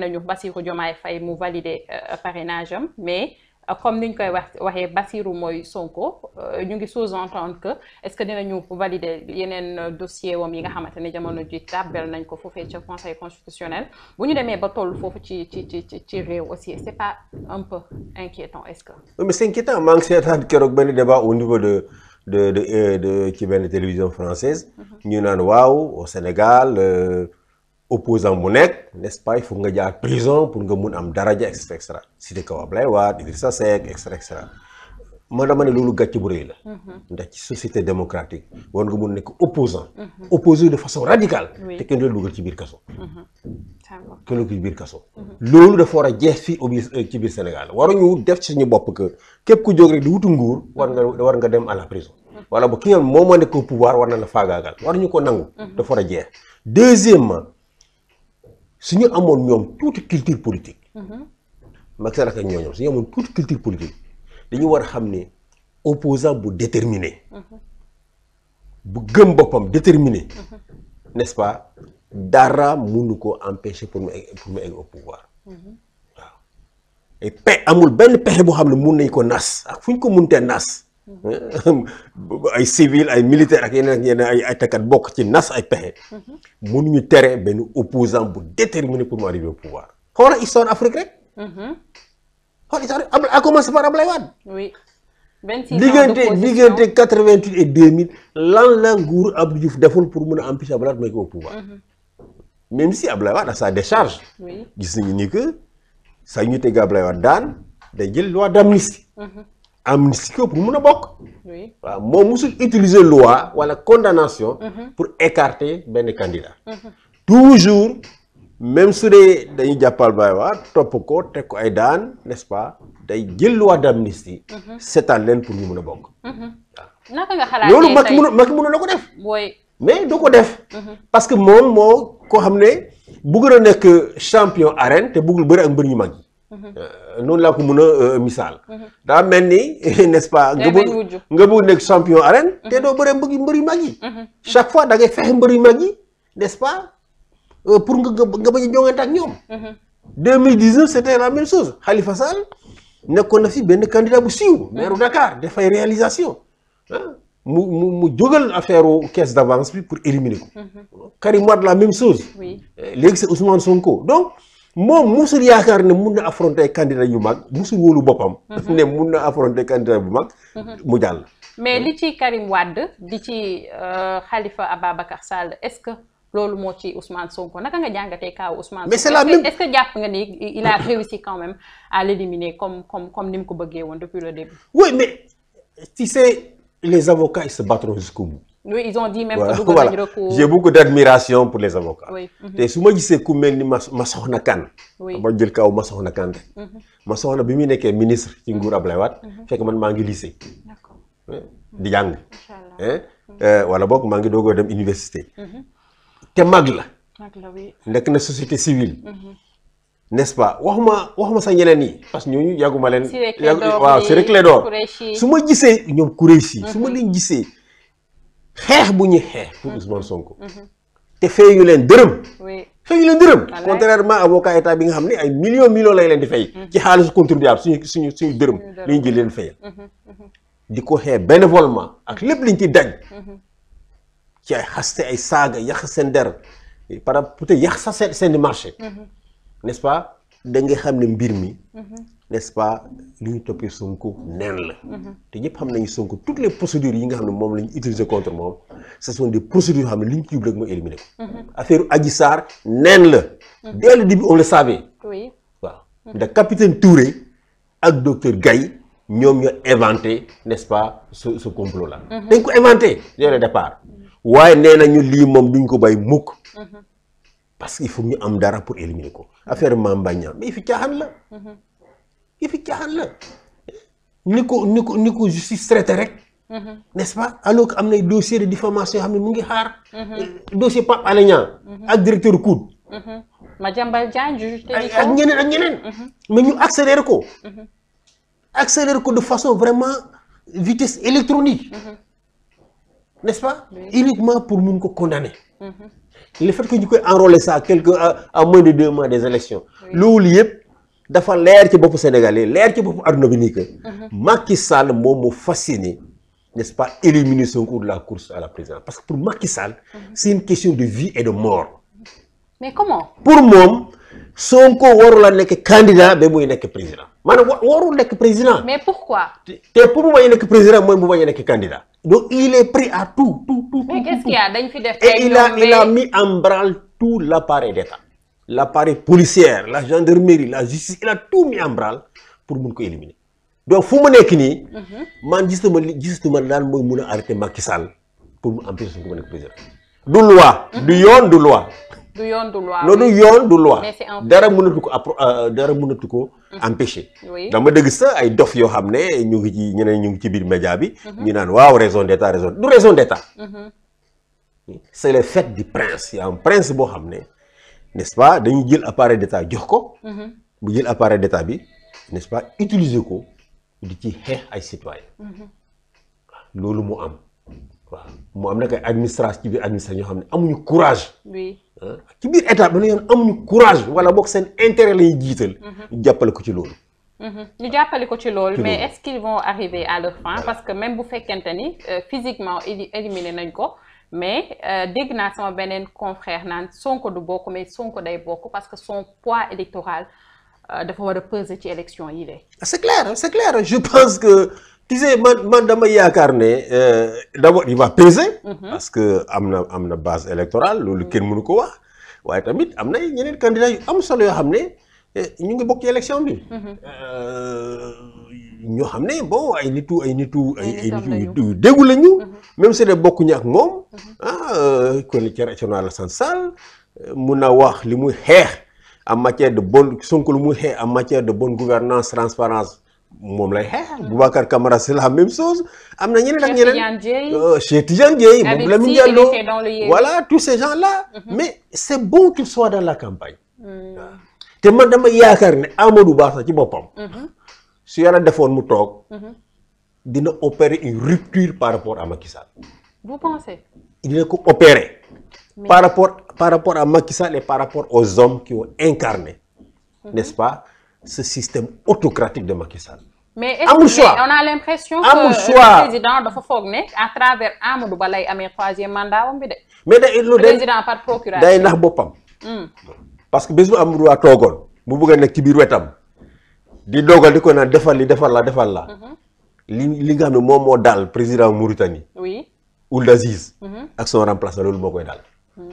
nañu Bassirou Diomaye Faye mu validé euh, parrainage mais euh, comme niñ koy wax waxee Bassirou mooy Sonko euh, ñu ngi sous-entendre que est-ce que dinañu valider yeneen dossier wam yi nga xamante ne jamono ji tàbbel nañ ko foofee ca conseil constitutionnel bu ñu demee ba toll foofu ci ci ci ci réew aussi c'est pas un peu inquiétant est-ce que. mais c'est inquiétant maa ngi seetaan keroog benn débat au niveau de de de de ci benn télévision française mm-hmm. ñu naan waaw au Sénégal. opposant bu nekk n'est-ce pas nga jaar prison pour nga mun am daraja et cetera et cetera Cité Kaw Ablaye Wade Idrissa Seck et cetera et cetera man dama ne loolu gàcce bu rëy la. Mhm. ndax ci société démocratique war nga mun nekk opposant mhm. opposé de façon radicale. te kenn du dugal ci biir kaso. Mhm. kenn du ci biir kaso. loolu dafa war a jeex fii au biir euh, ci biir Sénégal def ci suñu bopp que képp ku jóg rek di wutu nguur war nga war dem à la prison. wala ba ki nga moom moo nekk au pouvoir war na la faagaagal waruñu ko nangu. dafa war a jeex deuxièmement su ñu amoon ñoom tuuti culture politique. Mhm. Macky Sall ak ñooñu su ñu amoon tuuti culture politique dañu war a xam ne opposant bu déterminé. Mhm. bu gëm boppam déterminé. Mhm. n'est-ce pas dara mënu ko empêcher pour mu egg pouvoir. waaw pe amul benn pexe boo xam ne mun nañ ko nas ak fu ñu ko mëntee nas. ay civil ay militaire ak yeneen ak yeneen ay ay takkat bokk ci nas ay pexe. Mhm. ñu tere benn opposant bu déterminé pour mu arriver au pouvoir. a histoire Afrique rek. Mhm. xool histoire ab a commencé par Ablaye Wade. oui diggante diggante quatre vingt huit et deux mille lan la nguur Abdou Diouf deful pour mun a empêcher Ablaye Wade may ko au pouvoir. Mhm. même si Ablaye sa décharge. gis nañu ni que sax ñu teg Ablaye Wade daan day jël loi d'amnistie. amnistie ko pour mun a bokk. oui waaw moom musul utiliser loi wala condamnation. Mhm. pour écarter benn candidat. Mhm. toujours même su dee dañuy jàppal Baye Wade topp ko teg ko ay daan n'est-ce pas day jël loi d'amnistie. Mhm. seetaan leen pour ñu mun a bokk. naka nga xalaatee loolu Macky mun Macky mun ko def. mais du ko def. parce que moom moo koo xam ne bëgg na nekk champion arène te bëggul bëri ak mbër ñu mag yi. Mhm. Euh, noonu laa ko mun a euh, misaal. Mhm. daa mel ni n'est-ce pas. nga bëgg nga bëgg nekk champion arène. Mhm. te doo bëre mbëgg mbëri mag yi. chaque fois da ngay fexe mbëri mag yi n'est-ce euh, pour nga nga bañ a joŋante ak ñoom. 2019 c'était la même chose Khalifa Sall nekkoon na fi benn candidat bu siiw maire Dakar dafay réalisation ah, mu mu mu jógal affaire caisse d'avance bi pour éliminer ko. Karim Wade la même chose. léegi c'est Ousmane Sonko donc. moom musul yaakaar ne mun na affronter ay candidat yu mag musul wóolu boppam. daf mhm. ne mun na affronter candidat bu mag. Mhm. mu jàll. mais li ci Karim Wade di ci euh, Khalifa Ababacar Sall est-ce que loolu moo ci Ousmane Sonko naka nga jàngatee kaw Ousmane. mais c'est la même est-ce que jàpp nga ni il a réussi quand même à l'éliminer comme comme ni mu ko bëggee woon depuis le début. oui mais tu sais les avocats ils se battront jusqu'au bout. oui ils ont dit mhm. ma gisee ku mel ni ma ma soxna ma jël kaw ma soxna Kane rek. Mhm. ma soxna bi muy nekkee ministre ci nguur Ablaye Wade. Mhm. fekk man maa ngi lycée. Eh, di jàng. Eh, eh, wala boog maa ngi doogoo dem université. te mag la. mag la oui nekk na société civile. n'est-ce pas waxuma waxuma sax ñeneen yi parce que ñooñu yàgguma leen. su ma gisee ñoom Kureshi. su ma leen gisee. xeex bu ñuy xeex pour mm-hmm. Ousmane Sonko. Mm-hmm. te fay ñu leen dërëm. oui fay ñu leen dërëm. contrairement avocat état bi nga xam ne ay millions millions lay leen di fay. Mm-hmm. ci xaalisu contribuable suñu suñu suñu dërëm. li ñu jël leen fayal. di ko xeex bénévolement ak lépp liñ di daj. ci ay xaste ay saaga yàq seen der par a peut-être sa seen seen marché. n'est-ce pas xam ne mbir mi. n'est-ce pas li ñu toppee Sonko neen la. Mhm. te ñëpp xam nañu Sonko toutes les procédures yi nga xam ne moom la ñu utiliser contre moom ce sont des procédures xam ne li ñu ci yóbbu mhm. la. Mhm. dès le début on le savait. oui ak docteur gay ñoom ñoo inventé n'est-ce pas su ce complot là. dañ ko inventé dès le départ. waaye nee nañu lii moom duñ ko bay mukk. parce que foog ñu am dara pour éliminer ko affaire Mame Mbaye Niang mais fi caaxaan la. yëfi caaxaan la ni ko ni ko ni ko justice traité rek. Mhm. n'est-ce pas alors que am nay dossier de diffamation yoo xam ne mu ngi xaar. Mhm. Eh, dossier pas Alé mhm. ak directeur COUD. Madiambal Diagne juge ak ñeneen ak ñeneen. mais ñu accéléré ko. accéléré ko de façon vraiment vitesse électronique. n'est-ce pas uniquement pour mun ko condamner. le fait que ñu koy enrôler ça quelque à moins de deux mois des élections loolu yëpp. dafa leer ci boppu Sénégal yi leer ci boppu adduna bi nii que. Mhm. Macky Sall moom mu fasciné n'est-ce pas éliminer Sonko de la course à la présidence parce que pour Macky Sall. Mhm. c'est une question de vie et de mort. mais comment. pour moom Sonko warul a nekk candidat ba muy nekk président maanaam warul nekk président. mais pourquoi. te pour mu bañ a nekk président mooy mu bañ a nekk candidat. donc il est pris à tout tout tout. tout mais qu'est-ce qu'il y a dañ fi def. et il a il a mis en branle tout l'appareil la l'appareil policière la gendarmerie la justice il a tout mis pour mun ko éliminer donc fu mu nekk nii. Mhm. man gisatuma li gisatuma daal mooy mun a arrêter Macky pour mu empêcher suñ ko mu nekk président. du loi. Mhm. du yoon du loi. du yoon du loi non du yoon du loi. Euh, dara mënatu ko appro dara mënatu ko empêcher. dama dëgg sax ay dof yoo xam ne ñu ngi ci ñeneen ñu ngi ci biir média bi. Mhm. ñu naan waaw raison d'état raison du raison d'état. c'est le fait du prince y a prince boo xam ne. n'est-ce pas dañuy jël appareil d'état jox ko. Mhm. bu jël appareil d'état bi n'est-ce pas utiliser ko di ci xeex ay citoyen mhm. loolu moo am waaw moo am nag ay administration ci biir administration ñoo xam ne amuñu courage. oui ah, ci biir état bi yoon amuñu courage wala boog seen intérêt la ñuy jiital. Mhm. ñu jàppale ko ci loolu. ñu jàppale ko ci loolu mais est-ce qu'ils vont arriver à leur fin parce que même bu fekkente ni euh, physiquement éliminé nañ ko. mais euh, dégg naa sama beneen confrère naan Sonko du bokk mais Sonko day bokk parce que son poids électoral euh, dafa war a peser ci élection yi de. Ah, c'est clair c'est clair je pense que tu sais man man yaakaar ne euh, d'abord yi va peser. Mhm. parce que am na am na base électorale loolu kenn mënu ko wax waaye tamit am na ñeneen candidats yu am solo yoo xam ne eh, ñu ngi bokk ci élection bi. Mhm. ñoo xam ne boo ay nitu ay nitu ay ay nitu yu déggu lañu mhm. même su dee bokkuñu ak moom mhm. ah kon Thierno Alassane Alassane Sall mun na wax li muy xeex am matière de bonne Sonko lu muy xeex en matière de bonne gouvernance transparence moom lay xeex mhm. Boubacar Camara c'est la même chose am na ñeneen ak ñeneen euh, Cheikh Tidiane Dièye moom la mu jàlloo wala tous ces gens la mais c'est bon qu'ils soient dans la campagne ah. te man dama yaakaar ne Amadou baax sax ci boppam su yàlla defoon mu toog. Mhm. dina opérer une rupture par rapport à Macky Sall. vous pensez. dina ko opérer. par rapport par rapport à Macky Sall par rapport au hommes ki ont incarné. Mm -hmm. n'est-ce pas ce système autocratique de Macky Sall. mais amul choix a l'impression que le président dafa foog ne à travers Amadou Ba lay amee troisième mandat bi de. mais day lu président par boppam. Hmm. parce que bés bu Amadou Ba toogoon bu bëgg a nekk ci biir wetam. di dogal di ko naan defal li defal la defal la. Mhm. li li nga xam ne moom moo daal président Mauritanie. oui Ould Aziz. Mhm. ak son remplaçant loolu moo koy daal. Hmm.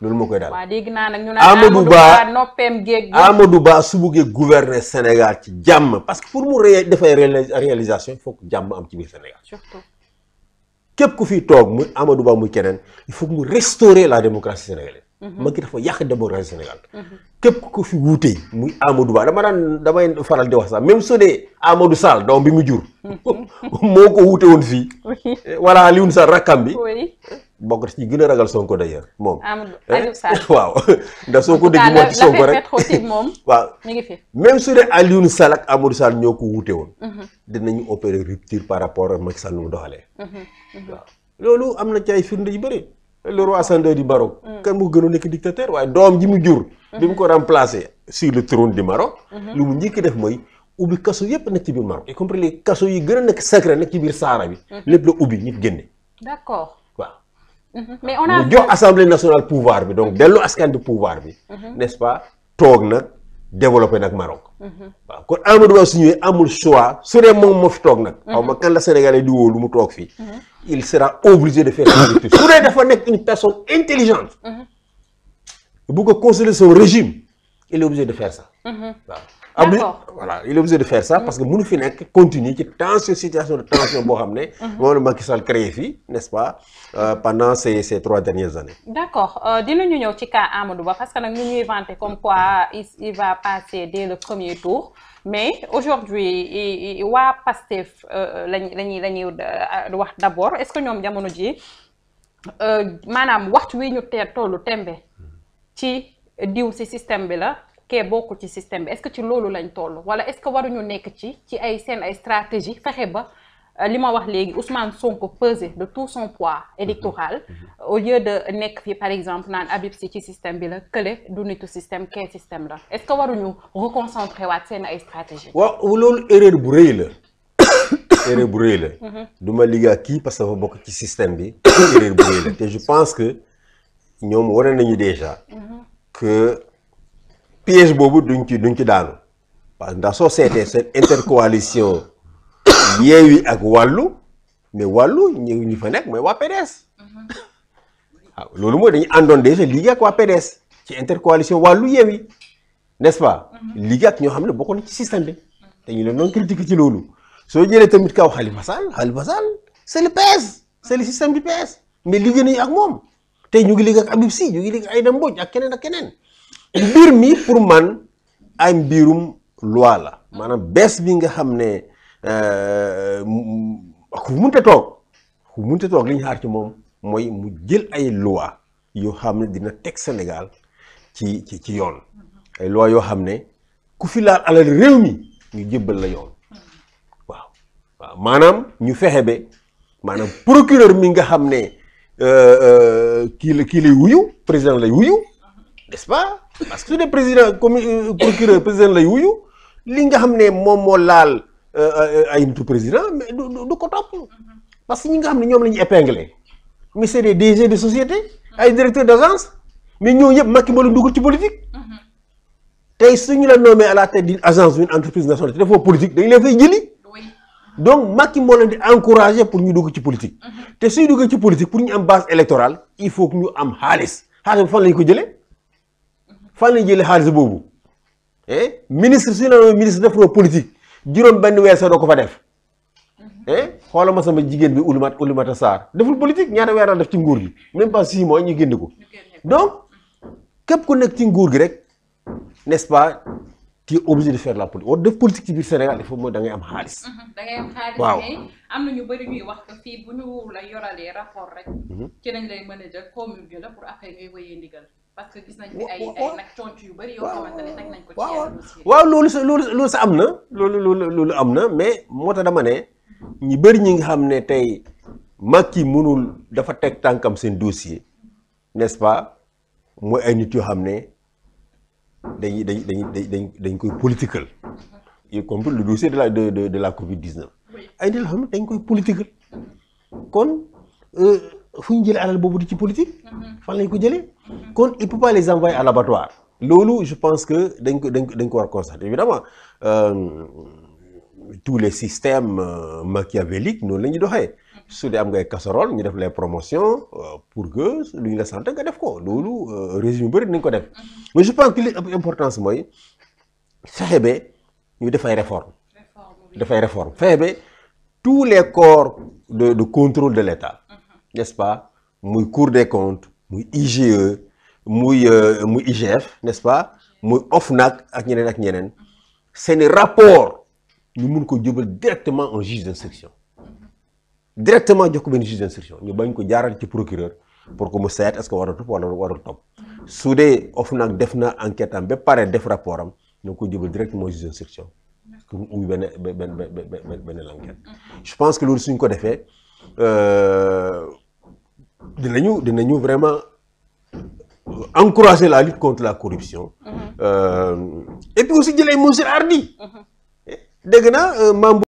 loolu moo koy daal waaw dégg naa nag ñu naan Amadou Ba Amadou Ba su buggee gouverner Sénégal ci jàmm parce que pour mu ré defay réalisation il faut jàmm am ci biir Sénégal. surtout képp ku fi toog mu Amadou Ba muy keneen il faut mu restaurer la démocratie sénégalaise. Mhm. Macky dafa yàq démocratie Sénégal. Mhm. képp ku fi wuute muy Amadou Ba dama daan damay faral di wax sax même su dee Amadou Sall doom bi mu jur. Mhm. moo ko wuute woon fii. wala eh, Alioune Sall rakkam bi. bokk ci gën a ragal Sonko d'ailleurs moom. Amadou eh, Aliou Sall waaw. ndax soo ko dégg moo ci Sonko rek moom. waaw mi ngi fi même su dee Alioune Sall ak Amadou Sall ñoo ko wuute woon. dinañu opérer rupture par rapport ak Macky Sall nu mu doxalee. loolu am na ci ay firnde yu le roi Sandor du Maroc. Mm. kan moo gënoon nekk dictateur waaye doom ji mu jur. Mm-hmm. bi mu ko remplacer sur le trône du Maroc. Mm-hmm. lu mu njëkk def mooy ubbi kaso yépp nekk ci biir Maroc. y compris les kaso yi gën a nekk secret nekk ci biir Sahara bi. Mm-hmm. lépp la ubbi ñëpp génne. d'accord waaw. mais on jox assemblée nationale pouvoir bi donc dellu askan bi pouvoir bi. n'est-ce pas toog nag. développé nag Maroc. Mhm. waaw kon Amadou Ba su ñëwee amul choix su dee moom moo fi toog nag. Mhm. xaw ma kan la Sénégalais di wóolu mu toog fii. Mhm. il sera obligé de faire la rupture su dee dafa nekk une personne intelligente. bu ko considérer régime il est obligé de faire ça. amul ah, voilà il est obligé de faire ça parce que mënu fi nekk continuer ci tension situation de tension boo xam ne. Mhm. moom la Macky Sall créé fii n'est-ce pas euh, pendant ces ces trois dernières années. d'accord euh, dinañu ñëw ci cas Amadou Ba parce que nag ñu ñuy vanter comme quoi il va passer dès le premier tour. mais aujourd'hui waa Pastef euh, lañ lañuy la ñuy wax d'abord est-ce que ñoom jamono ji maanaam waxtu wi ñu te tollu tembe ci diw ci système bi la kee bokkul ci système bi est-ce que ci loolu lañ toll wala est-ce que waruñu nekk ci ci ay seen ay stratégie fexe ba euh, li ma wax léegi Ousmane Sonko pesé de tout son poids électoral mhm. Mhm. au lieu de nekk fi par exemple naan Habib Sy ci système bi la kële du nitu système kee système la est-ce que waruñu reconcentré waat seen ay stratégie waaw loolu erreur bu rëy la erreur bu rëy la mhm. du ma kii parce que dafa bokk ci système bi erreur bu rëy la te je pense que ñoom wane nañu piège boobu duñ ci duñ ci daanu parce que ndax soo seetee seen intercoalition yeewi ak wàllu mais wàllu ñu ñu fa nekk mooy waa PDS waaw loolu mooy dañu àndoon déjà liggéey ak waa PDS ci intercoalition wàllu yeewi n'est-ce pas mhm. liggéey ak ñoo xam ne bokkoon ci système bi dañu leen doon critiquer ci loolu soo jëlee tamit kaw Khalifa Sall Khalifa Sall c'est le PS c'est le système du PS mais liggéey nañu ak moom te ñu ngi liggéey ak Habib si ñu ngi liggéey ak Aïda Mbodj ak keneen ak keneen mbir mi pour man ay mbirum loi la maanaam bees bi nga xam ne euh, ku munte toog ku munte toog li xaar ci moom mooy mu jël ay loi yoo xam ne dina teg Sénégal ci ci ci yoon ay loi yoo xam ne ku fi laal alal réew mi ñu jébbal la yoon waaw maanaam ñu fexe ba maanaam procureur mi nga xam ne euh, euh, kii la kii lay wuyu président lay wuyu n'est-ce pas parce que su dee président commu euh, procureur président lay li nga xam ne moom moo laal euh, euh, ay nitu président mais du ko topp mm-hmm. parce que ñi nga xam ne ñoom la ñu épinglé mais c'est des DG de société mm-hmm. ay directeur d'agence mais ñoo yëpp Macky moo ci politique mm-hmm. tey suñu la nommé à la tête agence d'une entreprise nationale te defoo politique dañ leen fay jëli donc Macky moo pour ñu dugg ci politique te suñu dugg ci politique pour ñu am base électorale il faut que ñu am xaalis xaalis bu fan lañu ko jëlee fan lañ jëlee xaalis boobu eh ministre su ne ministre defuloo politique juróom benn weer sa doo ko fa def eh xoolal ma sama jigéen bi Oulimata Oulimata Sarr deful politique ñaata weer la def ci nguur gi même pas six mois ñu génn ko donc képp ku nekk ci nguur gi rek n'est-ce pas tu es la politique war def politique ci biir Sénégal il mhm, am xaalis. waaw na ñu bëri ñuy wax parce waaw loolu sa loolu loolu sa am na loolu loolu loolu am na mais moo tax dama ne ñi bëri ñi nga xam ne tey Macky mënul dafa teg tànkam seen dossier nest pa mooy ay nit yoo xam ne dañ dañ dañ dañ dañ koy political y compris le dossier de la de de de la Covid 19 ay nit yoo xam ne dañ koy political kon. Euh, fu ñu jëlee alal boobu di ci politique. Mhm. fan lañ ko jëlee. kon il peut pas les envoyer à l'abattoir. loolu je pense que dañ ko dañ ko dañ ko war a constater évidemment euh, tous les systèmes euh, machiavéliques noonu la ñuy doxee. su dee am ngay casserole ñu def les promotions euh, pour que lu ñu la sant nga def ko loolu régime bëri dañ ko def mhm. mais je pense que li importance mooy fexe ba ñu def ay réformes. def ay réformes fexe ba tous les corps de de contrôle de l'État. n'est-ce pas muy cour de comptes muy IGE muy euh, muy IGF n'est-ce pas muy OFNAC ak ñeneen ak ñeneen seeni rapport ñu mun ko jubal directement en juge d'instruction directement jox ko benn juge d'instruction ñu bañ ko jaaral ci procureur pour que mu seet est-ce que war a topp wala warul topp su dee OFNAC def na enquête am ba pare def rapport am ñu ko jubal directement juge d'instruction pour mu ubbi benn benn benn benn l'enquête je pense que loolu suñ ko defee. Euh, dina dina dinañu vraiment encourager la lutte contre la corruption. Mm-hmm. Euh, et puis aussi jëlee mesures hardies. Mm-hmm. Eh, dégg naa euh, membre.